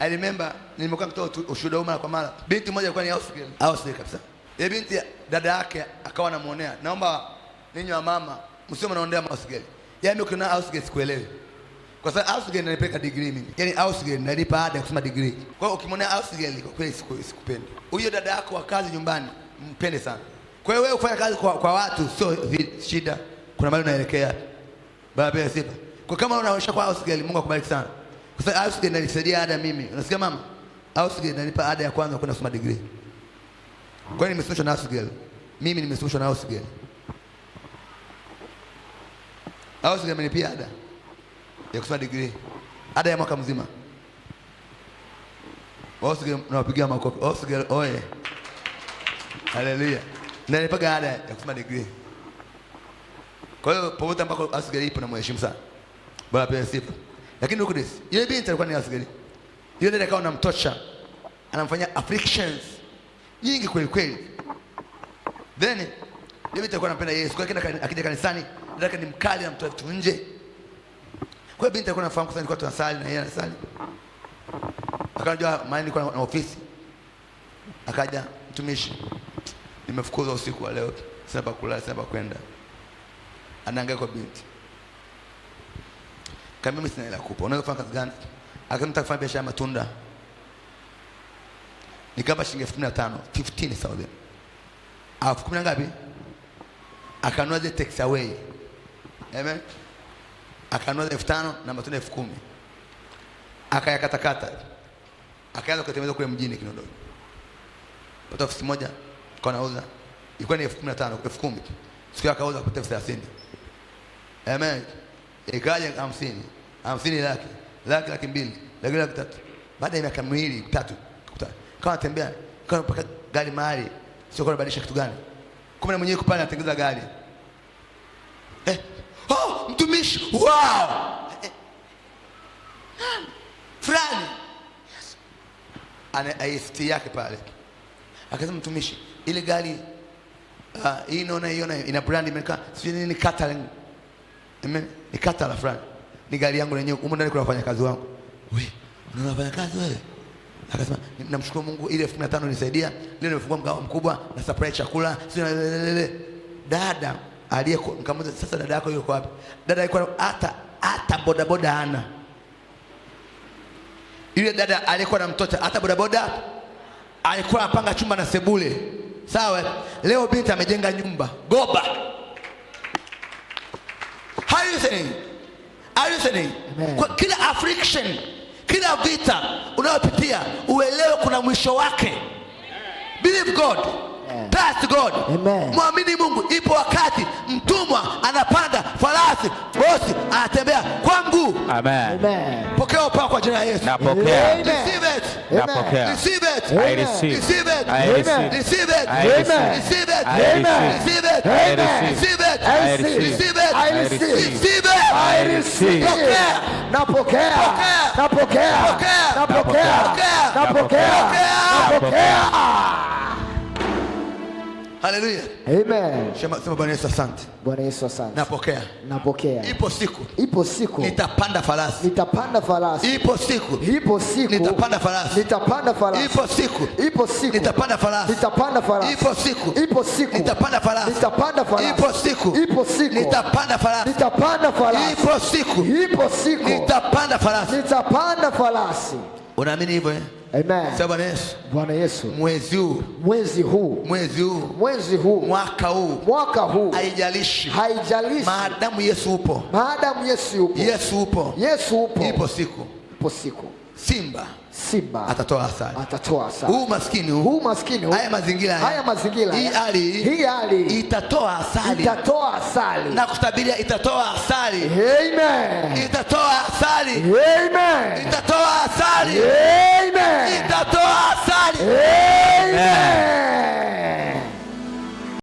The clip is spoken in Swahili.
I remember nimekuwa mtoto ushuhuda mara kwa mara. Binti mmoja alikuwa ni house girl. kabisa. Ile binti dada yake akawa anamuonea. Naomba ninyi wa mama msio mnaondea house girl. Yaani ukiona house sikuelewi. Kwa sababu house girl inanipeka degree mimi. Yaani house girl inanipa ada ya kusoma degree. Kwa hiyo ukimuonea house girl kwa kweli sikupendi. Huyo dada yako wa kazi nyumbani mpende sana. Kwa hiyo wewe kufanya kazi kwa, kwa watu sio shida. Kuna mali unaelekea. Baba ya sifa. Kwa kama unaonyesha kwa house Mungu akubariki sana kwa sababu Ausgate inanisaidia ada mimi. Unasikia mama? Ausgate inanipa ada ya kwanza kwenda kusoma degree. Kwa nini nimesomeshwa na Ausgate? Mimi nimesomeshwa na Ausgate. Ausgate amenipa ada ya kusoma degree. Ada ya mwaka mzima. Ausgate nawapigia makofi. Ausgate oye. Haleluya. Na nilipaga ada ya kusoma degree. Kwa hiyo popote ambako Ausgate ipo na mheshimu sana. Bwana apewe sifa. Lakini look this. Yule binti alikuwa ni asgari. Yule ndiye akawa anamtosha. Anamfanyia afflictions nyingi kweli kweli. Then yule binti alikuwa anapenda Yesu. Kwa hiyo akija kanisani, dada ni mkali anamtoa vitu nje. Kwa hiyo binti alikuwa anafahamu kwa sababu alikuwa tunasali na yeye anasali. akaja maana nilikuwa na ofisi. Akaja mtumishi. Nimefukuzwa usiku wa leo. Sina pa kulala, sina pa kwenda. Anaangalia kwa binti. Kama mimi sina hela kukupa, unaweza kufanya kazi gani? Akaniambia nataka kufanya biashara ya matunda. Nikapa shilingi 15,000, 15,000. Alafu kumi na ngapi? Akanunua zile take away. Amen. Akanunua elfu tano na matunda elfu kumi. Akayakatakata. Akaanza kutengeneza kule mjini Kinondoni. Pata ofisi moja kwa nauza. Ilikuwa ni elfu kumi na tano, elfu kumi. Siku akauza kwa elfu thelathini. Amen ikaja hamsini hamsini, laki laki, laki mbili, laki laki tatu. Baada ya miaka miwili tatu, kawa natembea kawa mpaka gari mahali, sio kwa badilisha kitu gani? Kumbe na mwenyewe kupana atengeza gari eh, oh, mtumishi wow eh, eh. fulani yes. ana IST yake pale, akasema mtumishi, ile gari uh, hii naona hiyo ina brand imekaa sio nini catering Amen. Ni kata la fulani. Ni gari yangu lenyewe. Huko ndani kuna wafanyakazi wangu. Wewe, unaona wafanyakazi wewe? Akasema namshukuru Mungu ile 1500 nisaidia. Leo nimefungua mgawa mkubwa na supply chakula. Sio dada aliye nikamwambia sasa dada yako yuko wapi? Dada alikuwa hata hata boda boda ana. Ile dada alikuwa na mtoto hata boda boda. alikuwa anapanga chumba na sebule. Sawa? Leo binti amejenga nyumba. Goba listening? Are you listening? Kwa kila affliction, kila vita unayopitia uelewe kuna mwisho wake. Believe God. Trust God. Mwamini Mungu. Ipo wakati mtumwa anapanda farasi, bosi anatembea kwa mguu. Amen. Pokea upako kwa jina la Yesu. Napokea. Receive it. Napokea. Receive it. I receive. Receive it. I receive. Receive it. Receive it. Receive it. Receive it. Napokea. Haleluya. Amen. Sema Bwana Yesu asante. Bwana Yesu asante. Napokea. Napokea. Ipo siku. Ipo siku. Nitapanda farasi. Nitapanda farasi. Ipo siku. Ipo siku. Nitapanda farasi. Nitapanda farasi. Ipo siku. Ipo siku. Nitapanda farasi. Nitapanda farasi. Ipo siku. Ipo siku. Nitapanda farasi. Nitapanda farasi. Ipo siku. Ipo siku. Nitapanda farasi. Nitapanda farasi. Ipo siku. Ipo siku. Nitapanda farasi. Nitapanda farasi. Unaamini hivyo eh? Amen. Sasa Yesu. Bwana Yesu. Mwezi huu. Mwezi huu. Mwezi huu. Mwezi huu. Mwaka huu. Mwaka huu. Haijalishi. Haijalishi. Maadamu Yesu upo. Maadamu Yesu upo. Yesu upo. Yesu upo. Ipo siku. Ipo siku. Simba. Simba atatoa asali, atatoa asali. Huu maskini huu, huu maskini huu, haya mazingira haya mazingira, hii hali hii hali itatoa asali, itatoa asali na kutabiria, itatoa asali. Amen, itatoa asali. Amen, itatoa asali. Amen. God.